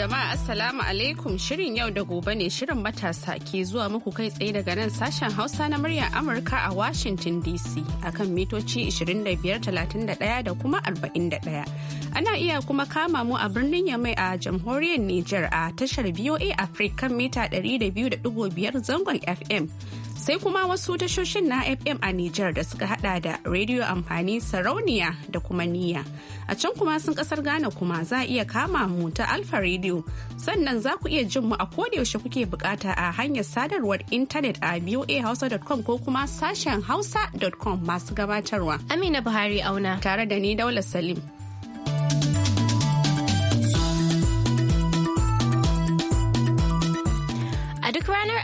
jama'a assalamu alaikum shirin yau da gobe ne shirin matasa ke zuwa muku kai tsaye daga nan sashen hausa na muryar amurka a washington dc akan mitoci 2531 da kuma 41 ana iya kuma kama mu a birnin yamai a jamhuriyar niger a tashar voa africa mita 200.5 zangon fm sai kuma wasu tashoshin na FM a Nijar da suka hada da Radio Amfani Sarauniya da kuma Niyya. A can kuma sun kasar Ghana kuma za a iya kama mu ta Alfa Radio sannan za ku iya jin mu a yaushe kuke bukata a hanyar sadarwar intanet a voahausa.com ko kuma sashen hausa.com masu gabatarwa. Amina Buhari auna tare da ni Daula Salim.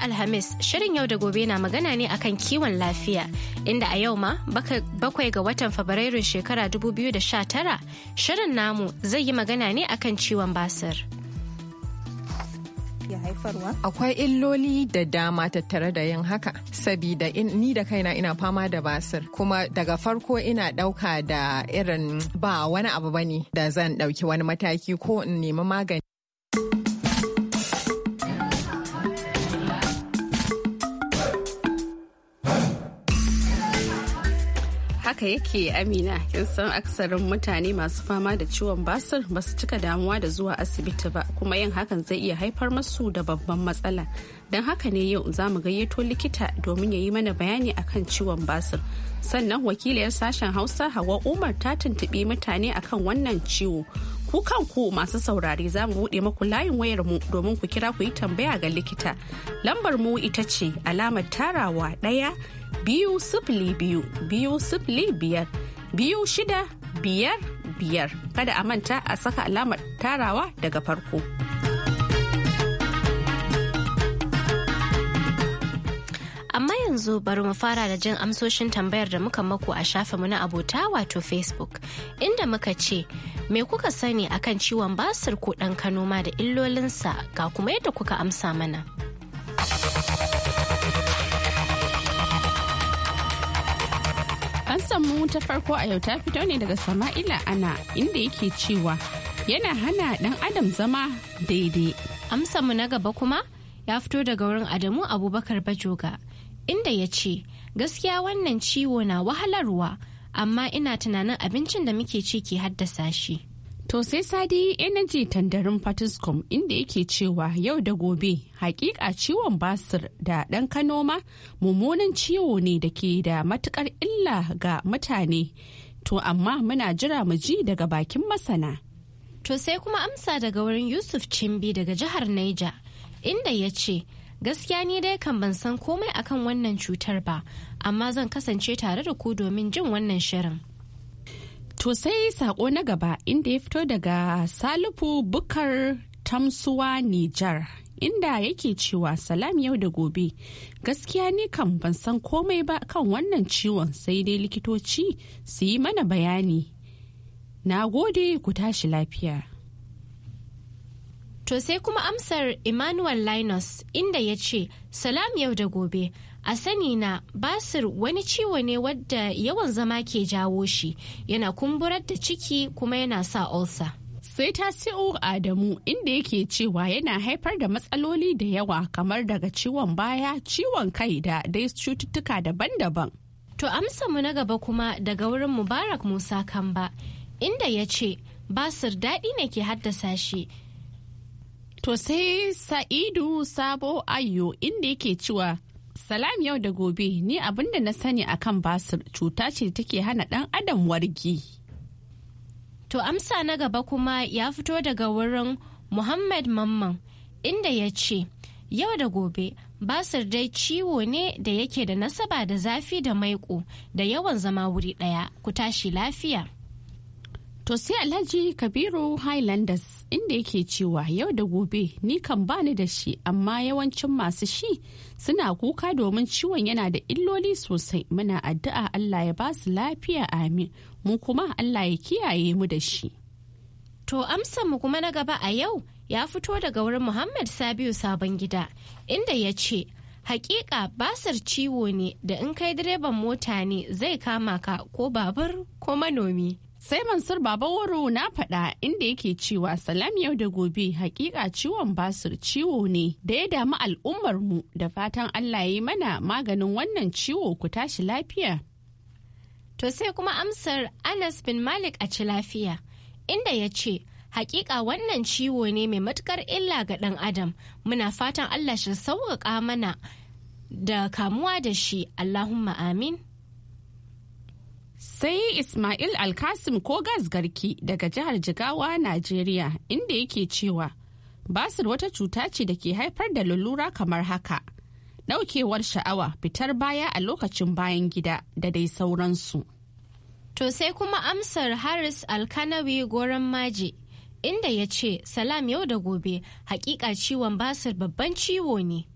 Alhamis shirin yau da gobe na magana ne akan kiwon lafiya inda a yau ma bakwai ga watan Fabrairun shekara 2019 shirin namu zai yi magana ne akan ciwon basir. Akwai illoli da dama tattare da yin haka, sabida ni da kaina ina fama da basir, kuma daga farko ina ɗauka da irin ba wani abu bane da zan ɗauki wani mataki ko in nemi magani. haka yake amina kin san aksarin mutane masu fama da ciwon basir ba su cika damuwa da zuwa asibiti ba kuma yin hakan zai iya haifar masu da babban matsala don haka ne yau za mu gayyato likita domin ya yi mana bayani akan ciwon basir sannan wakiliyar sashen hausa hawa umar ta tuntuɓi mutane akan wannan ciwo ku kanku masu saurare za mu buɗe maku layin wayar mu domin ku kira ku yi tambaya ga likita lambar mu ita ce alamar tarawa ɗaya biyu sifili biyu biyu sifili biyar biyu shida biyar biyar kada a manta a saka alamar tarawa daga farko. Amma yanzu bari mu fara da jin amsoshin tambayar da muka maku a shafinmu na abota wato Facebook, inda muka ce, Me kuka sani akan ciwon basir ko ɗan kanoma da illolinsa ga kuma yadda kuka amsa mana. An samu ta farko a yau ta fito ne daga Sama'ila Ana inda yake cewa yana hana dan adam zama daidai. amsa mu na gaba kuma ya fito daga wurin Adamu Abubakar Bajoga inda ya ce gaskiya wannan ciwo na wahalarwa amma ina tunanin abincin da muke ci ke haddasa shi. To sai sadi energy tandarin Fatiscom inda yake cewa yau da gobe hakika ciwon basir da ɗan kanoma mummunan ciwo ne da ke da matukar illa ga mutane. To amma muna jira mu ji daga bakin masana. To sai kuma amsa daga wurin Yusuf Cimbi daga jihar Neja inda ya ce gaskiya ni dai kan ban san komai akan wannan cutar ba amma zan kasance tare da ku domin jin wannan shirin to sai sako na gaba inda ya fito daga salifu bukar tamsuwa nijar inda yake cewa salam yau da gobe gaskiya ni kan ban san komai ba kan wannan ciwon sai dai likitoci su yi mana bayani na gode ku tashi lafiya To sai kuma amsar Emmanuel Linus inda ya ce, Salam yau da gobe, a sani na basir wani ciwo ne wadda yawan zama ke jawo shi, yana kumburar da ciki kuma yana sa ulcer. sai ta Adamu inda yake cewa yana haifar da matsaloli da yawa kamar daga ciwon baya, ciwon kai da dai cututtuka daban-daban. To amsa mu na gaba kuma daga wurin Mubarak Musa Kamba inda ya ce basir daɗi ne ke haddasa shi To sai Sa'idu Sabo Ayo inda yake cewa Salam yau da gobe ni abinda na sani akan basir cuta ce take hana ɗan adam wargi. To amsa na gaba kuma ya fito daga wurin Muhammad Mamman inda ya ce, Yau da gobe, basir dai ciwo ne da yake da nasaba da zafi da maiko da yawan zama wuri ɗaya, ku tashi lafiya. To sai Alhaji Kabiru Highlanders inda yake cewa yau da gobe ni kan bani da shi amma yawancin masu shi suna kuka domin ciwon yana da illoli sosai muna addu'a Allah ya ba su lafiya amin mu kuma Allah ya kiyaye mu da shi. To amsan mu kuma na gaba a yau ya fito daga wurin Muhammad Sabiu sabon gida inda ya ce hakika basar ciwo ne da in kai direban mota ne zai kama ka ko babur ko manomi. sai mansur babawaro na faɗa inda yake cewa salam yau da gobe hakika ciwon basur ciwo ne da ya damu al'ummar mu da fatan allah ya yi mana maganin wannan ciwo ku tashi lafiya to sai kuma amsar anas bin malik a ci lafiya inda ya ce hakika wannan ciwo ne mai matukar illa ga ɗan adam muna fatan allah shi sauƙaƙa mana da kamuwa da shi allahumma amin Sai Ismail Alkasim gas Garki daga jihar Jigawa, Najeriya, inda yake cewa basir wata cuta ce da ke haifar da lalura kamar haka. Daukewar sha'awa, fitar baya a lokacin bayan gida da dai sauransu. To sai kuma amsar Haris Alkanawi goron maji. Inda ya ce, Salam yau da gobe, hakika ciwon basir babban ciwo ne.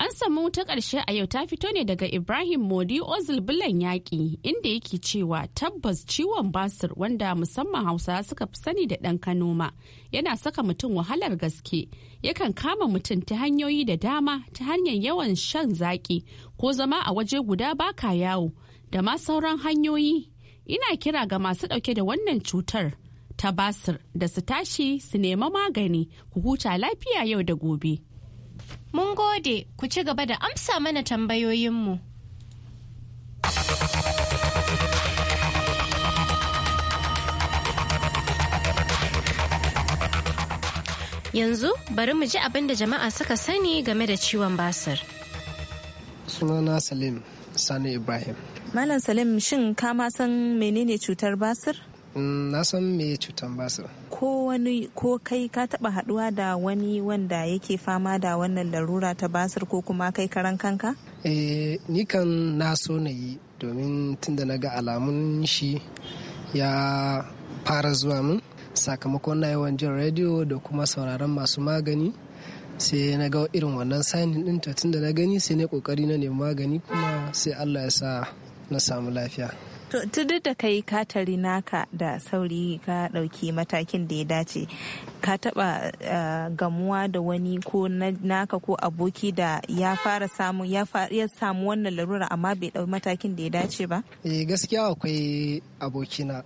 An samu ta ƙarshe a yau ta fito ne daga Ibrahim Modi Ozil Bulan yaƙi inda yake cewa tabbas ciwon basir wanda musamman Hausa suka fi sani da ɗan kanoma yana saka mutum wahalar gaske yakan kama mutum ta hanyoyi da dama ta hanyar yawan shan zaƙi ko zama a waje guda baka yawo da ma sauran hanyoyi. Ina kira ga masu ɗauke da wannan cutar. ta basir da su tashi su nema magani ku huta lafiya yau da gobe. Mun gode ku ci gaba da amsa mana tambayoyinmu. Yanzu bari mu ji abin da jama'a suka sani game da ciwon basir. Sunana Salim Sani Ibrahim. Malam Salim shin ka ma san menene cutar basir? na san me cutan basir ko wani ko kai ka taba haduwa da wani wanda yake fama da wannan larura ta basir ko kuma kai karan kanka eh ni kan na so na yi domin tunda na ga alamun shi ya fara zuwa min sakamakon na yawan jin rediyo da kuma sauraron masu magani sai na ga irin wannan sanin din to tunda na gani sai na kokari na nemi magani kuma sai Allah ya sa na samu lafiya To duk da kai ka tari naka da sauri ka ɗauki matakin da ya dace ka taɓa eh, gamuwa da wani ko naka ko aboki da ya fara samu wannan larura amma bai ɗau matakin da ya dace ba? Eh gaskiya akwai abokina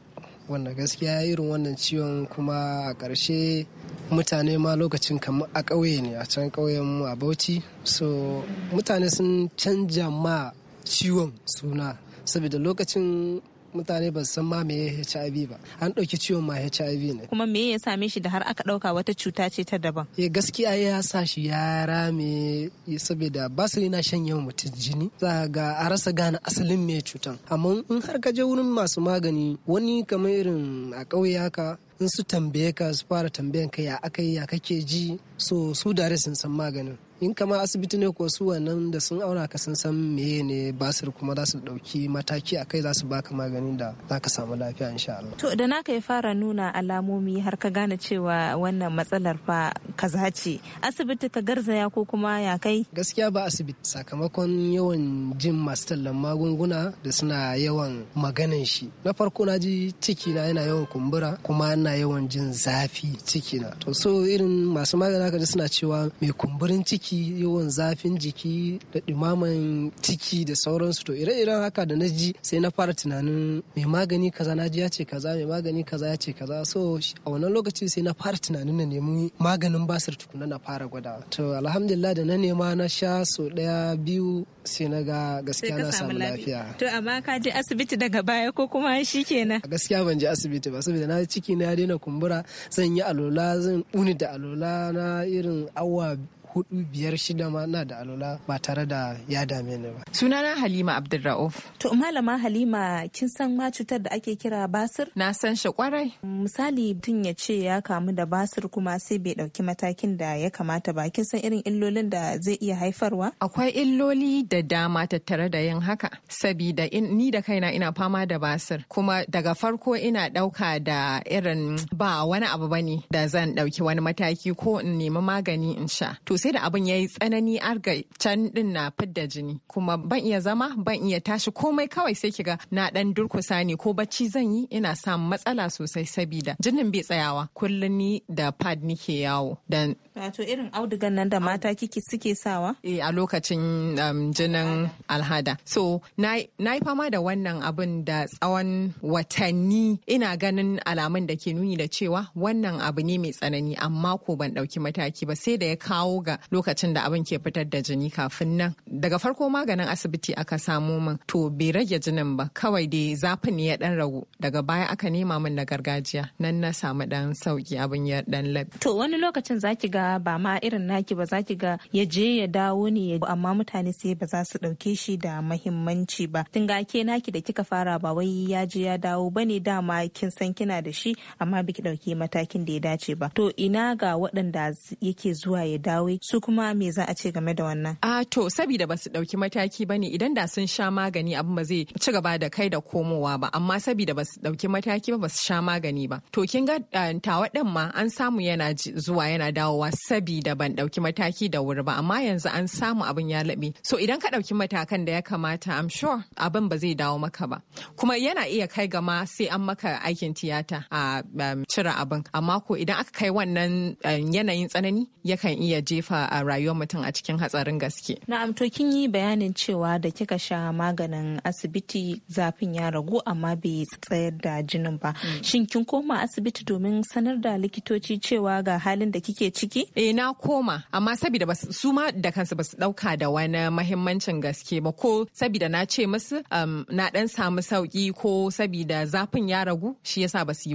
wanda gaskiya irin wannan ciwon kuma a ƙarshe mutane ma lokacin kamar a ƙauye ne a can ƙauyen mu a bauchi so mutane sun canja ma ciwon suna saboda lokacin mutane ba san ma me HIV ba an ɗauki ciwon ma HIV ne kuma me ya same shi da har aka ɗauka wata cuta ce ta daban eh gaskiya ya sa shi ya rame saboda su yana shan yawan mutum jini za ga a rasa gane asalin me cutan amma in har ka je wurin masu magani wani kamar irin a ƙauye haka in su tambaye ka su fara tambayan ka ya aka yi ya kake ji so su dare sun san maganin in kama asibiti ne ko su wannan da sun aura ka sun san meye ne basir kuma za su dauki mataki a kai za su baka maganin da za ka samu lafiya insha Allah to da naka ya fara nuna alamomi har ka gane cewa wannan matsalar fa kaza ce asibiti ka garzaya ko kuma ya kai gaskiya ba asibiti sakamakon yawan jin masu tallan magunguna da suna yawan maganin shi na farko na ji ciki na yana yawan kumbura kuma ina yawan jin zafi ciki na to so irin masu magana ka ji suna cewa mai kumburin ciki ciki yawan zafin jiki da ɗumaman ciki da sauransu to ire-iren haka da na ji sai na fara tunanin mai magani kaza na ji ya ce kaza mai magani kaza ya ce kaza so a wannan lokaci sai na fara tunanin na nemi maganin basir tukuna na fara gwada to alhamdulillah da na nema na sha so ɗaya biyu sai na ga gaskiya na samu lafiya to amma ka je asibiti daga baya ko kuma shi kenan gaskiya ban je asibiti ba saboda na ciki na daina kumbura zan yi alola zan uni da alola na irin awa hudu biyar shida ma na da alola ba tare da ya dame ni ba. Sunana Halima Abdulra'uf. To malama Halima kin san ma cutar da ake kira basir? Na san shi kwarai. Misali mutum ya ce ya kamu da basir kuma sai bai dauki matakin da ya kamata ba kin san irin illolin da zai iya haifarwa? Akwai illoli da dama tattare da yin haka. Sabida ni da kaina ina fama da basir kuma daga farko ina dauka da irin ba wani abu bane da zan dauki wani mataki ko in nemi magani in sha. To sai da abin ya yi tsanani arga can din na fidda jini kuma ban iya zama ban iya tashi komai kawai sai kiga na dan durkusa ne ko bacci zan yi ina samun matsala sosai sabida jinin bai tsayawa kullum ni da pad nike yawo dan wato irin audugan nan da mata kiki suke sawa eh a lokacin um, jinin alhada so na yi fama da wannan abin da tsawon watanni ina ganin alamun da ke nuni da cewa wannan abu ne mai tsanani amma ko ban dauki mataki ba sai da ya kawo ga ga lokacin da abin ke fitar da jini kafin nan daga farko maganin asibiti aka samo min to bai rage jinin ba kawai dai zafin ya dan ragu daga baya aka nema min na gargajiya nan na samu dan sauki abin ya dan lab to wani lokacin zaki ga ba ma irin naki ba zaki ga ya je ya dawo ne amma mutane sai ba za su dauke shi da muhimmanci ba tun ga ke naki da kika fara ba wai ya je ya dawo bane dama kin san kina da shi amma biki dauke matakin da ya dace ba to ina ga waɗanda yake zuwa ya dawo su kuma me za a ce game da wannan a ah, to sabida basu su dauki mataki bane idan da sun sha magani abin ba zai ci gaba da kai da komowa ba amma saboda basu su dauki mataki ba basu sha magani ba to kin ga ah, tawa din ma an samu yana zuwa yana dawowa sabida ban dauki mataki da wuri ba amma yanzu an samu abin ya labe so idan ka dauki matakan da ya kamata i'm sure abin ba zai dawo maka ba kuma yana iya kai gama sai an maka aikin tiyata a um, cire abin amma ko idan aka kai wannan eh, yanayin tsanani yakan iya jefa a eh, rayuwar mutum a cikin hatsarin gaske na'am to kin yi bayanin cewa da kika sha maganin asibiti zafin ya ragu amma bai tsayar da jinin ba hmm. shin kin koma asibiti domin sanar da likitoci cewa ga halin da kike ciki eh na koma amma saboda su ma da kansu ba su dauka da wani mahimmancin gaske ba ko saboda na ce musu um, na dan samu sauki ko saboda zafin ya ragu shi yasa ba su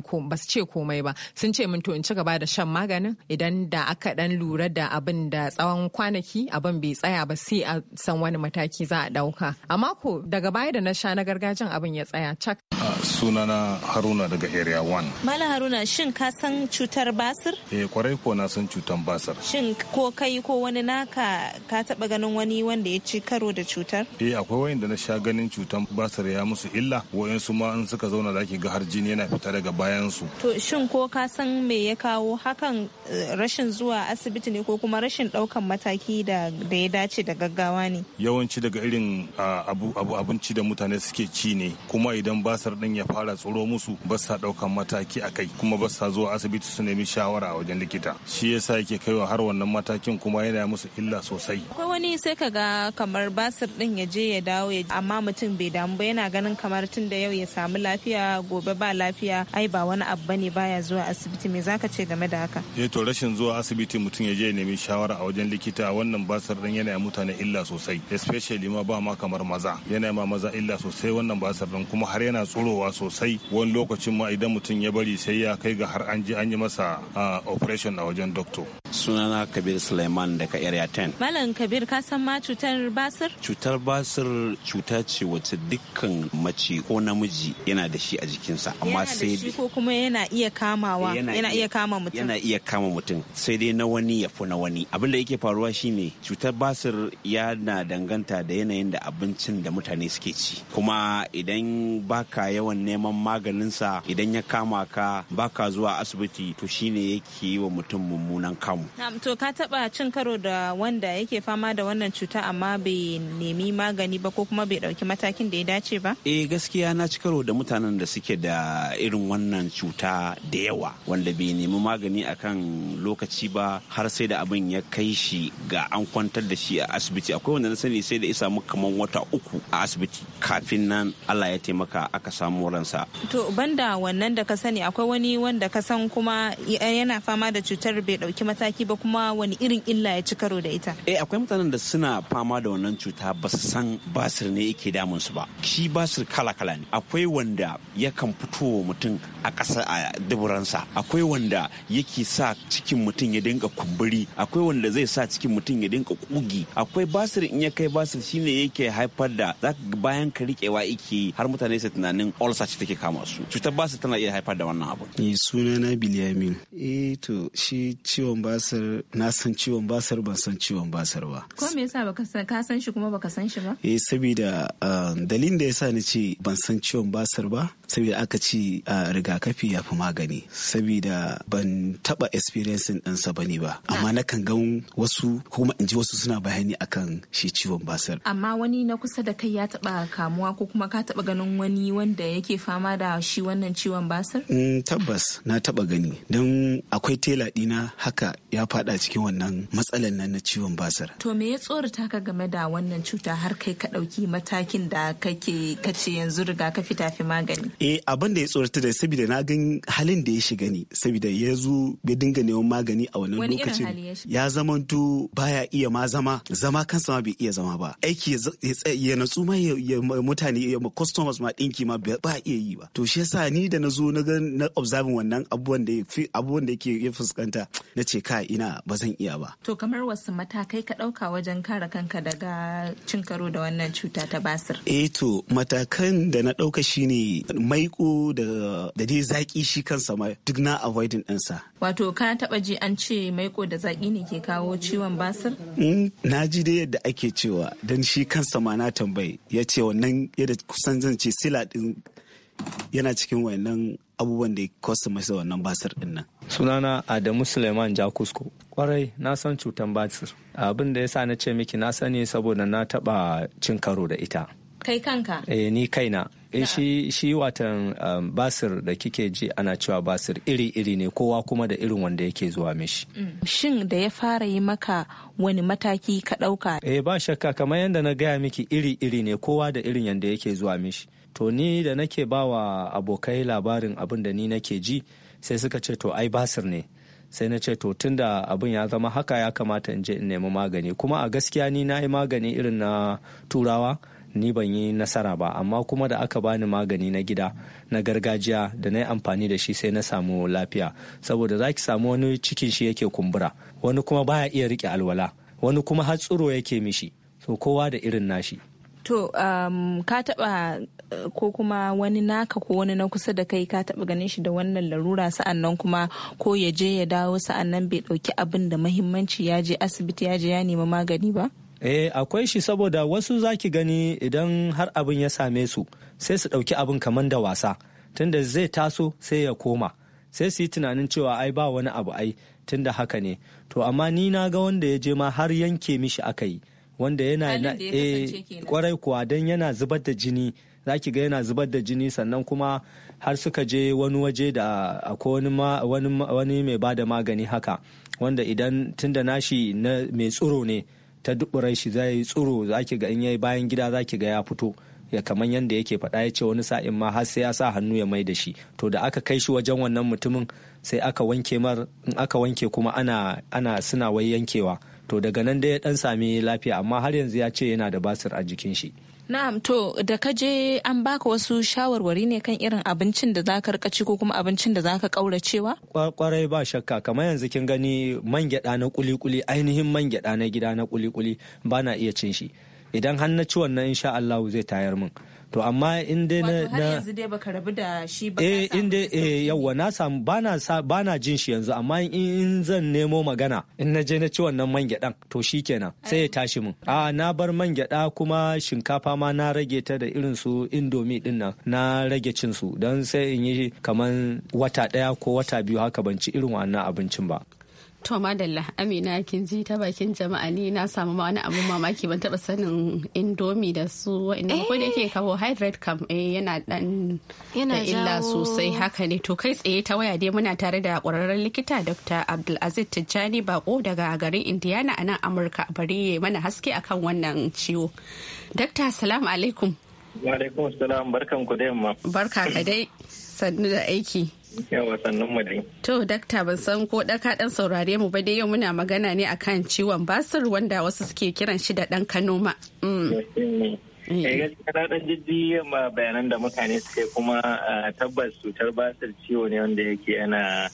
ce ko komai ba sun ce mun to in ci gaba da shan maganin idan da aka dan lura da abin da tsawon kwanaki abin bai tsaya ba sai a san wani mataki za a dauka amma ko daga baya da na sha na gargajiyan abin ya tsaya cak ah, sunana haruna daga area 1 malam haruna shin ka san cutar basir eh kwarai ko na san cutar basir shin ko kai ko wani naka ka taba ganin wani wanda ya ci karo da cutar eh akwai wayanda na sha ganin cutar basir ya musu illa wayansu ma in suka zauna zaki ga har jini yana fita daga bayan su to shin ko ka san me ya kawo hakan eh, rashin zuwa asibiti ne ko kuma rashin daukan mataki da ya dace da gaggawa ne yawanci daga irin ah, abinci da mutane suke ci ne kuma idan basir din ya fara tsoro musu ba sa ɗaukan mataki a kai kuma ba sa zuwa asibiti su nemi shawara a wajen likita shi yasa yake kaiwa har wannan matakin kuma yana musu illa sosai akwai wani sai ka ga kamar basir din ya je ya dawo ya amma mutum bai damu ba yana ganin kamar tun da yau ya samu lafiya gobe ba lafiya ai ba wani abu bane baya zuwa asibiti me zaka ce game da haka eh to rashin zuwa asibiti mutum ya je ya nemi shawara a wajen likita wannan basir din yana mutane illa sosai especially ma ba ma kamar maza yana ma maza illa sosai wannan basir din kuma har yana tsorowa yawa sosai wani lokacin ma idan mutum ya bari sai ya kai ga har an ji an yi masa ah, operation a wajen doctor sunana kabir suleiman daga area 10 malam kabir ka san ma cutar basir cutar basir cuta ce wacce dukkan mace ko namiji yana da shi a jikinsa amma sai da ko kuma yana iya kamawa yana iya kama mutum yana iya kama mutum sai dai na wani ya fi na wani abin da yake faruwa shine cutar basir yana danganta da yanayin da abincin da mutane suke ci kuma idan baka yawan neman maganinsa idan ya kama ka baka zuwa asibiti to shine yake yi wa mutum mummunan kama samu. to ka taba cin karo da wanda yake fama da wannan cuta amma bai nemi magani ba ko kuma bai dauki matakin da ya dace ba? Eh gaskiya na ci karo da mutanen da suke da irin wannan cuta da yawa wanda bai nemi magani akan lokaci ba har sai da abin ya kai shi ga an kwantar da shi a asibiti akwai wanda na sani sai da isa samu kamar wata uku a asibiti kafin nan Allah ya taimaka aka samu ransa. To banda wannan da ka sani akwai wani wanda ka san kuma yana fama da cutar bai dauki matakin mataki ba kuma wani irin illa ya ci karo da ita eh akwai mutanen da suna fama da wannan cuta ba su san basir ne yake damun su ba shi basir kala kala ne akwai wanda yakan wa mutum a ƙasa a duburansa akwai wanda yake sa cikin mutum ya dinga kumburi akwai wanda zai sa cikin mutum ya dinga kugi akwai basir in ya kai basir shine yake haifar da ka bayan ka rikewa yake har mutane su tunanin olsa ce take kama su cutar basir tana iya haifar da wannan abu ni eh, suna na biliyamin eh to shi ciwon basir na san ciwon basir ban san ciwon basir ba ko me yasa baka ka san shi kuma baka san shi ba eh saboda ah, dalilin da yasa ni ce ban san ciwon basir ba saboda aka ce a rigakafi ya fi magani saboda ban taba experiencing ɗansa bane ba amma na kan gan wasu kuma in ji wasu suna bayani akan shi ciwon basir amma wani na kusa da kai ya taba kamuwa ko kuma ka taba ganin wani wanda yake fama da shi wannan ciwon basir mm, tabbas na taba gani don akwai tela dina haka ya fada cikin wannan matsalan nan na ciwon basir to me ya tsorata ka game da wannan cuta har kai ka dauki matakin da kake kace yanzu rigakafi tafi magani eh abin da ya tsorata da saboda na gan halin da ya shiga ne saboda ya zo ya dinga neman magani a wannan lokacin ya zama to baya iya ma zama zama kansa ma bai iya zama ba aiki ya natsu ma ya mutane ya customers ma dinki ma ba iya yi ba to shi yasa ni da na zo na ga na observing wannan abubuwan da abubuwan da yake ya fuskanta na ce ka ina bazan iya ba to kamar wasu matakai ka dauka wajen kare kanka daga cin karo da wannan cuta ta basir eh to matakan da na dauka shine maiko da dai zaki shi kansa ma duk na avoiding ɗinsa. Wato ka taɓa ji an ce maiko da zaki ne ke kawo ciwon basir? Mm, na ji dai yadda ake cewa don shi kansa ma na tambayi ya ce wannan yadda kusan zan ce sila ɗin yana cikin wannan abubuwan da ya masa wannan basir ɗin nan. Sunana Adamu Suleiman Jakusko. Kwarai na san cutan basir. Abin da ya sa na ce miki na sani saboda na taba cin karo da ita. Kai kanka? Eh ni kaina. eh shi shi watan um, basir da kike ji ana cewa basir iri-iri ne kowa kuma da irin wanda yake zuwa mishi mm. shin da ya fara yi maka wani mataki ka ɗauka eh ba shakka kamar yadda na gaya miki iri-iri ne kowa da irin yanda yake zuwa mishi to ni da nake bawa abokai labarin abin da ni nake ji sai suka ce to ai basir ne sai na ce to tunda abin ya zama haka ya kamata in je in nemi magani kuma a gaskiya ni na yi magani irin na turawa ni ban yi nasara ba amma kuma da aka bani magani na gida na gargajiya da na yi amfani da shi sai na samu lafiya saboda za ki samu wani cikin shi yake kumbura wani kuma baya iya rike alwala wani kuma har tsiro yake mishi to kowa da irin nashi to um, ka taba eh, ko kuma wani naka ko wani na kusa da kai ka taba ganin shi da wannan larura sa'annan kuma ko ya je ya dawo sa'annan bai dauki abin da mahimmanci ya je asibiti ya je ya nemi magani ba Eh akwai shi saboda wasu zaki gani idan har abin ya same su sai su ɗauki abin kamar da wasa tunda zai taso sai ya koma sai su yi tunanin cewa ai ba wani abu ai tunda haka ne to amma ni na ga wanda ya je ma har yanke mishi aka yi wanda yana eh kwarai kuwa don yana zubar da jini zaki ga yana zubar da jini sannan kuma har suka je wani waje da akwai wani mai ba magani haka wanda idan tunda nashi na mai tsoro ne ta dubura shi zai tsuro zaki ga in yayi bayan gida zaki ga ya fito ya kaman yadda yake faɗa ya ce wani sa'in ma har sai ya sa hannu ya mai da shi to da aka kai shi wajen wannan mutumin sai aka wanke mar in aka wanke kuma ana ana suna wai yankewa to daga nan dai ya dan sami lafiya amma har yanzu ya ce yana da basir a jikin shi Na'am to da ka je an baka wasu shawarwari ne kan irin abincin da zaka rika ci ko kuma abincin da zaka kauracewa? Kwarai ba shakka kamar yanzu kin gani man gyada na kuli-kuli ainihin man gyada na gida na kuli-kuli ba na iya cin shi. Idan har na ci wannan insha Allah zai tayar min. to amma in dai na na ba eh in dai eh yawa na samu bana sa bana jin shi yanzu amma in zan nemo magana in na je na ci wannan man gyadan to shikenan sai ya tashi min a na bar man kuma shinkafa ma na rage ta da irin su indomi din nan na rage cin su dan sai in yi kaman wata daya ko wata biyu haka ban ci irin wannan abincin ba To madalla Amina kin ji ta bakin jama'a ni na samu ma wani abun mamaki ban taba sanin indomi da su wa'annan ko da yake carbohydrate kam eh yana dan yana da illa sosai haka ne to kai tsaye ta waya dai muna tare da kwararren likita Dr. Abdulaziz Tijjani Bako daga garin Indiana a nan Amurka bari ya mana haske akan wannan ciwo. Dr. Assalamu alaikum. Wa alaikum assalam barkan ku da yamma. Barka ka dai sannu da aiki. To, dakta ban san ko ɗaka ɗan saurare mu ba dai yau muna magana ne akan ciwon basir wanda wasu suke kiran shi da ɗan kanoma. Mm. Eh. eh gaskiya ɗan jiddi ma bayanan da mutane suke kuma tabbas cutar basir ciwo ne wanda yake yana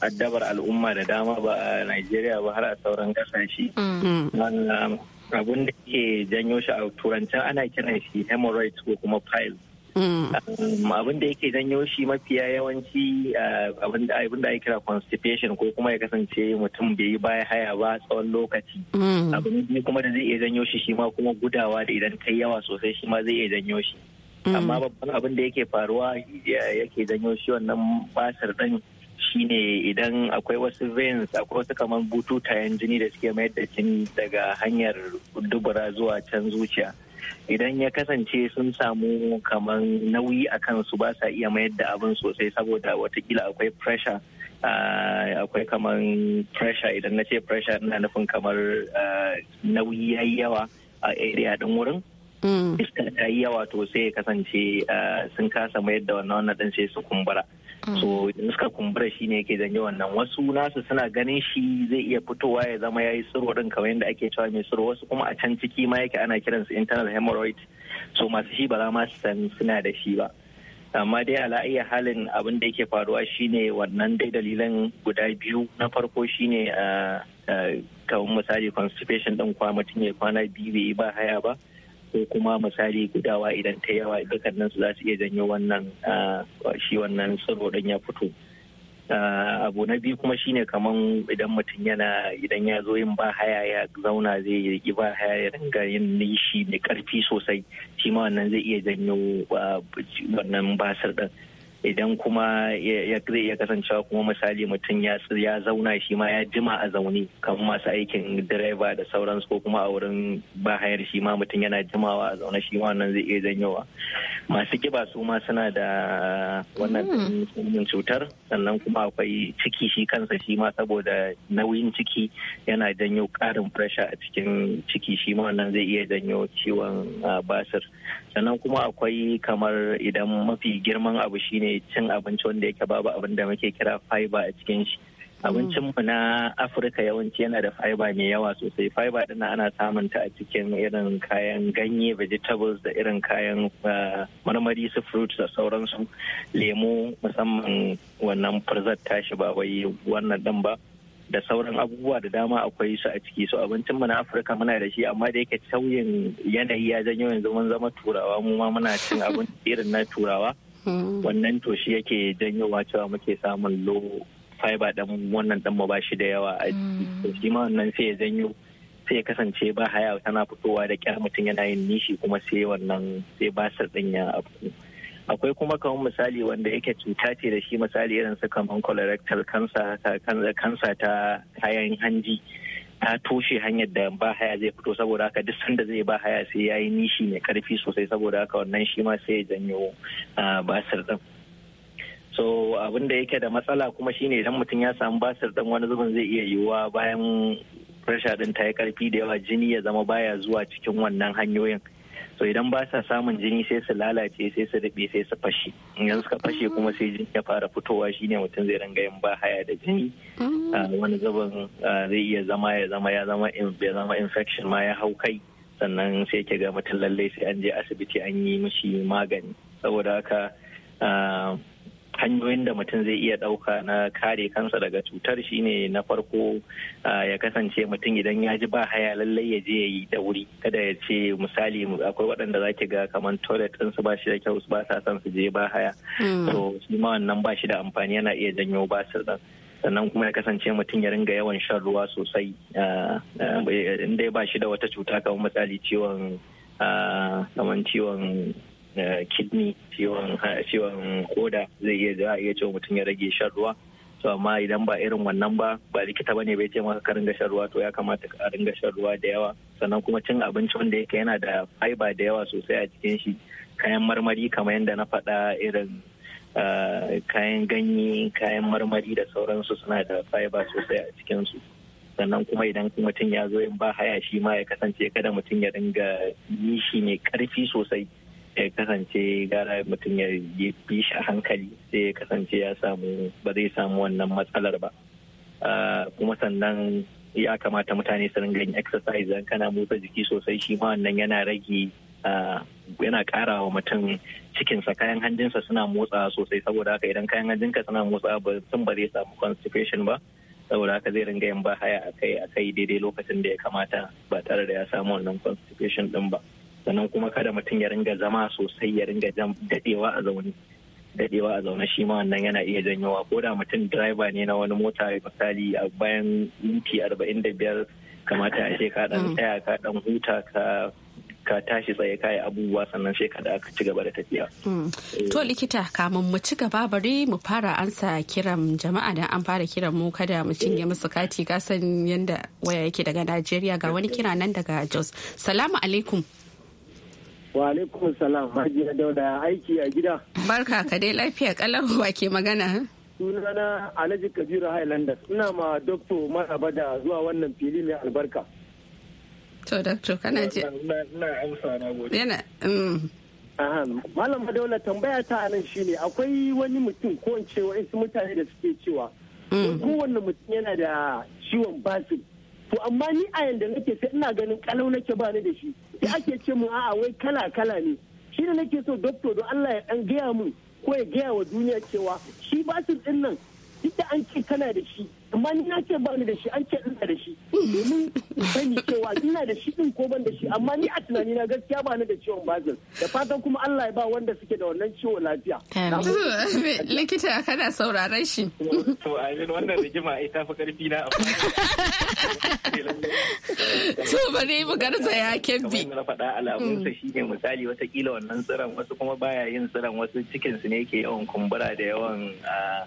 addabar al'umma da dama ba a Najeriya ba har a sauran kasashe. Mm. Abun da ke janyo shi a turancin ana kiran shi hemorrhoids ko kuma piles. Mm. abin da yake janyo shi mafiya yawanci eh, abin da ake kira constipation ko kuma ya kasance mutum bai yi baya haya ba tsawon lokaci mm. abin kuma da zai iya janyo shi shi ma kuma gudawa da idan kai yawa sosai shi ma zai iya janyo shi mm. amma babban abin da yake faruwa yake janyo shi wannan basir shi shine idan akwai wasu veins akwai wasu kamar bututayen jini da suke mayar da jini daga hanyar dubura zuwa can zuciya idan ya kasance sun samu kamar nauyi a kansu ba sa iya mayar da abin sosai saboda watakila akwai pressure ah, akwai kamar pressure idan na ce pressure ina nufin kamar ah, nauyi ya yi yawa a area din wurin mm. iska ta yi yawa to sai kasance ah, sun kasa mayar da wannan wannan sai su kumbura so in suka kumbura shi ne yake janyo wannan wasu nasu suna ganin shi zai iya fitowa ya zama ya yi sirwo din kamar yadda ake cewa mai sirwo wasu kuma a can ciki ma yake ana kiran su internal hemorrhoid so masu shi ba za ma su san suna da shi ba amma dai ala iya halin abin da yake faruwa shine wannan dai dalilan guda biyu na farko shine ah, ah, kamar misali constipation din kwa mutum ya kwana biyu bai yi ba haya ba ko kuma misali gudawa idan ta yawa dukkanin su za su iya janyo wannan ah, shi wannan tsiro din ya fito ah, abu na biyu kuma shine kaman idan mutum yana idan ya zo yin bahaya ya zauna zai yi bahaya ya ringa yin nishi mai karfi sosai shi ma wannan zai iya janyo ah, wannan basir din idan kuma ya zai iya kasancewa kuma misali mutum ya ya zauna shi ma ya jima a zaune kamar masu aikin direba da sauransu ko kuma a wurin bahayar shi ma mutum yana jimawa a zaune shi ma wannan zai iya janyowa masu kiba su ma suna da wannan hmm. cutar sannan kuma akwai ciki shi kansa shi ma saboda nauyin ciki yana janyo ƙarin pressure a cikin ciki shi ma wannan zai iya janyo ciwon ah, basir sannan kuma akwai kamar idan mafi girman abu shine cin abinci wanda yake babu abin da muke kira fiber a cikin shi abincin mu na afirka yawanci yana da fiber mai yawa sosai fiber din ana samun ta a cikin irin kayan ganye vegetables da irin kayan ah, marmari su fruits da sauransu lemu musamman wannan furzar tashi ba wai wannan ɗin ba da sauran abubuwa da dama akwai su a ciki su abincin mu na afirka muna da shi amma da yake sauyin yanayi ya janyo yanzu mun zama turawa mu ma muna cin abinci irin na turawa hmm. wannan to shi yake janyowa cewa muke samun low fiber dan wannan dan mu ba shi da yawa a hmm. to shi ma wannan sai ya janyo sai kasance ba haya tana fitowa da kyar mutum yana yin nishi kuma sai wannan sai basir ɗin ya abu akwai kuma kamar misali wanda yake cuta ce da shi misali irin su kamar colorectal cancer kansa ta kayan hanji ta toshe hanyar da ba haya zai fito saboda haka duk sanda zai ba haya sai ya yi nishi mai karfi sosai saboda haka wannan shi ma sai ya janyo basir din so abin da yake da matsala kuma shine idan mutum ya samu basir din wani zubin zai iya yiwuwa bayan rasha din ta yi karfi da yawa jini ya zama baya zuwa cikin wannan hanyoyin so idan ba sa samun jini sai su lalace sai su rube sai su fashe idan suka fashe kuma sai jini ya fara fitowa shine mutum zai ranga yin ba haya da jini mm. ah, wani zaban ah, zai iya zama ya zama ya zama ya zama infection ma ya hau kai sannan sai ke ga mutum lallai sai an je asibiti an yi mishi magani saboda haka ah, hanyoyin da mutum zai iya ɗauka na kare kansa daga cutar shi ne na farko ya kasance mutum idan ya ji ba haya lallai ya je ya yi da wuri kada ya ce misali akwai waɗanda za ki ga kamar toilet ɗin su ba shi da kyau ba sa son su je ba haya to hmm. shi ma wannan ba shi da amfani yana iya janyo basir ɗin sannan kuma ya kasance mutum ya ringa yawan shan ruwa sosai in dai ba shi da wata cuta kamar misali ciwon kamar ciwon Eh, kidney ciwon eh, ciwon koda zai iya za iya cewa mutum ya rage shan ruwa to amma idan ba irin wannan ba ba likita bane bai ce maka ka ringa shan ruwa to ya kamata ka ringa shan ruwa da yawa sannan kuma cin abinci wanda yake yana da fiber da yawa sosai a cikin shi kayan marmari kamar yadda na faɗa irin eh, kayan ganye kayan marmari da sauransu suna da fiber sosai a cikin su sannan kuma idan mutum ya zo in ba haya shi ma ya kasance kada mutum ya dinga shi mai karfi sosai ya kasance gara mutum ya bi shi a hankali sai ya kasance ya samu ba zai samu wannan matsalar ba ah, kuma sannan ya kamata mutane su ringa yin exercise dan kana motsa jiki sosai shi ma wannan yana rage ah, yana kara wa mutum cikinsa kayan hanjinsa suna motsa sosai saboda haka idan kayan hanjinka suna motsa ba sun ba zai samu constipation ba saboda haka zai ringa yin bahaya akai akai daidai lokacin da ya kamata ba tare da ya samu wannan constipation din ba. sannan kuma kada mutum ya ringa zama sosai ya ringa dadewa a zaune dadewa a zaune shi ma wannan yana iya janyowa ko da mutum direba ne na wani mota misali a bayan minti arba'in da biyar kamata a ka dan mm. tsaya ka dan huta ka ka tashi tsaye kayi abubuwa sannan sai ka da aka ci gaba da tafiya. Mm. Eh. To likita kamun mu ci gaba bari mu fara ansa kiran jama'a dan an fara kiran mu kada mu cinye musu kati ka san yanda waya yake daga Najeriya ga wani kira nan daga Jos. Salamu alaikum. Wa alaikum salam Hajiya Dauda aiki a gida. Barka ka dai lafiya kalan wa ke magana. Sunana Alhaji Kabiru highlander ina ma dokto maraba da zuwa wannan fili mai albarka. To dokto kana je. Na amsa na gode. Yana mm. Malam Madola tambaya ta anan shine akwai wani mutum ko in ce wa'insu mutane da suke cewa mm. wani mutum yana da ciwon basir. To amma ni a yanda nake sai ina ganin kalau nake ba ni da shi. sai ake ce mu a'a wai kala kala ne shi ne nake so doctor don Allah ya dan gaya mu ko ya gaya wa duniya cewa shi basir din nan duk da an ce kana da shi amma ni na ce ba ni da shi an ce ina da shi domin sani cewa ina da shi din ko ban da shi amma ni a tunani na gaskiya ba ni da ciwon bazil da fatan kuma Allah ya ba wanda suke da wannan ciwo lafiya likita kana sauraron shi to yi wannan rigima ai ta fi karfi na to bari mu garza ya kebbi kamar na faɗa alamun sa shine misali watakila wannan tsiran wasu kuma baya yin tsiran wasu cikin su ne ke yawan kumbura da yawan ah,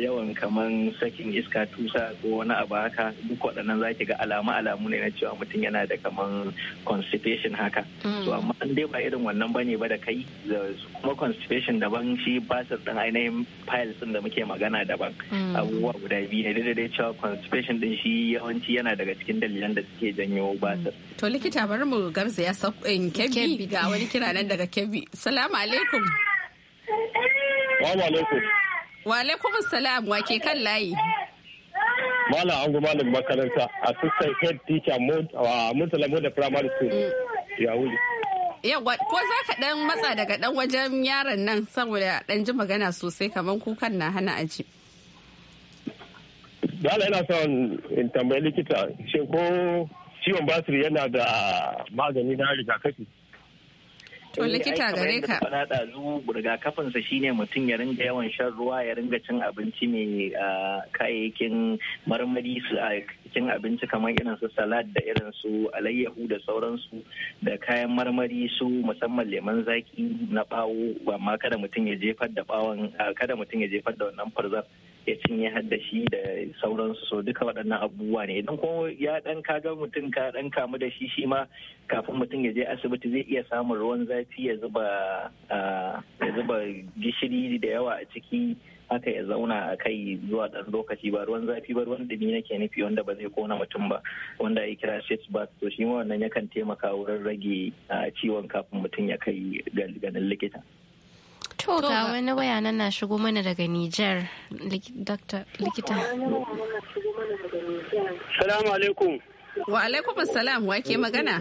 yawan kaman sakin iska tusa ko wani abu haka duk waɗannan za ki ga alamu alamu ne na cewa mutum yana da kamar constipation haka mm. so amma an dai ba irin wannan bane ba da kai kuma constipation daban shi basir din ainihin piles sun da muke magana daban mm. abubuwa guda biyu ne daidai cewa constipation din shi yawanci yana daga cikin dalilan da suke janyo basir mm. to likita bari mu garza ya in eh, kebi ga wani kira nan daga kebi salamu alaikum wa alaikum wa alaikum salam wa ke kan layi malam ango malam makaranta assistant head teacher a murtala moda primary school mm. ya wuri yawa ko za ka ɗan matsa daga ɗan wajen yaron nan saboda ɗan ji magana sosai kamar kukan na hana aji dala yana son in tambayi likita shin ko ciwon basir yana da magani na rigakafi To eh, likita gare ka. Faɗa ɗazu rigakafinsa shine mutum ya ringa yawan shan ruwa ya ringa cin abinci mai kayayyakin marmari su a cikin abinci kamar irin su salad da irin su alayyahu da sauransu da kayan marmari su musamman lemon zaki na bawo amma kada mutum ya jefar da bawon kada mutum ya jefar da wannan farzar. ya cinye hadda shi da sauransu so duka waɗannan abubuwa ne idan kuma ya ɗan ga mutum ka ɗan kamu da shi shi ma kafin mutum ya je asibiti zai iya samun ruwan zafi ya zuba ya zuba gishiri da yawa a ciki haka ya zauna a kai zuwa ɗan lokaci ba ruwan zafi ba ruwan dumi nake nufi wanda ba zai kona mutum ba wanda ya kira shit ba to shi ma wannan yakan taimaka wurin rage ciwon kafin mutum ya kai ganin likita. To ga wani waya nan na shigo mana daga Nijar, likita. Salamu alaikum. Wa alaikum salam wa ke magana?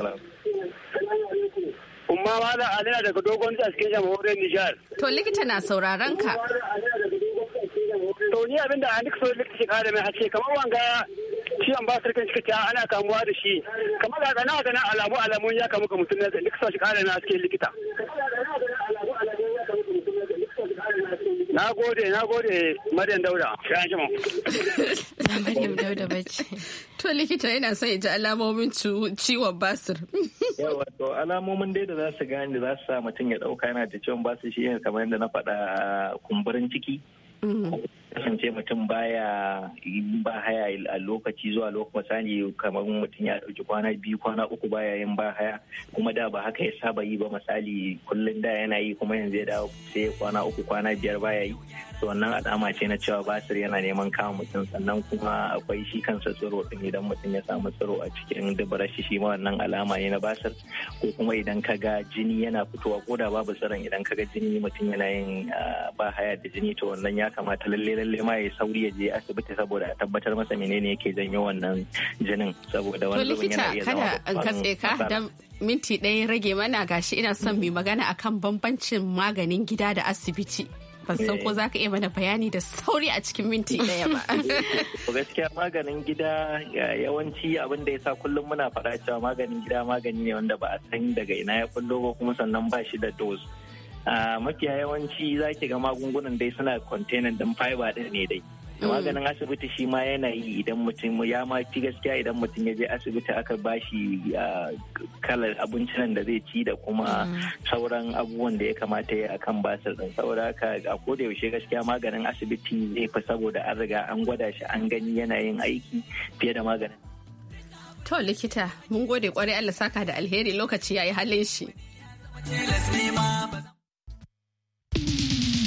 Umma ma da alina daga dogon a cikin jamhuriyar Nijar. To likita na sauraron ka. To ni abinda a duk sau likita shiga da mai hace kamar wanga ciwon ba sarkin cika ta ana kamuwa da shi kamar da gana gana alamu alamun ya kamu ka mutum na likita shiga da mai cikin likita. Na gode, na gode Maryam Dauda. Ya Na Maryam Dauda bace. To likita yana son ya ji alamomin ciwon basir. Yawa to alamomin dai da za su gane da za su sa mutum ya dauka yana da ciwon basir shi ne kamar yadda na faɗa kumburin ciki. Mm. kasance mutum baya yin ba haya a lokaci zuwa lokaci misali kamar mutum ya dauki kwana biyu kwana uku baya yin ba haya kuma da ba haka ya saba yi ba misali kullum da yana yi kuma yanzu ya dawo sai kwana uku kwana biyar baya yi to wannan alama ce na cewa basir yana neman kama mutum sannan kuma akwai shi kansa tsiro din idan mutum ya samu tsiro a cikin dubarar shi shi ma wannan alama ne na basir ko kuma idan ka ga jini yana fitowa ko da babu tsiron idan ka ga jini mutum yana yin ah, ba haya da jini to wannan ya kamata lalle lalle ma ya sauri ya je asibiti saboda a tabbatar masa menene yake janyo wannan jinin saboda wani zubin yana iya zama kada katse ka dan minti ɗaya rage mana gashi ina son mai magana akan bambancin maganin gida da asibiti ban san ko eh. za ka iya mana bayani da sauri a cikin minti ɗaya ba. gaskiya maganin gida yawanci abin da ya sa kullum muna faɗa cewa maganin gida magani ne wanda ba a san daga ina ya kullo ba kuma sannan ba shi da dose. mafiya yawanci za ki ga magungunan dai suna kwantenan din fiber din ne dai da hmm. maganin asibiti shi ma yana yi idan mutum ya ma fi gaskiya idan mutum ya je asibiti aka ba shi kalar abincin da zai ci da kuma hmm. sauran abubuwan da ya kamata ya akan basir din saboda haka a koda yaushe gaskiya maganin asibiti zai fi saboda an riga an gwada shi an gani yana yin aiki fiye da maganin to likita mun gode kwarai Allah saka da alheri lokaci ya yi halin shi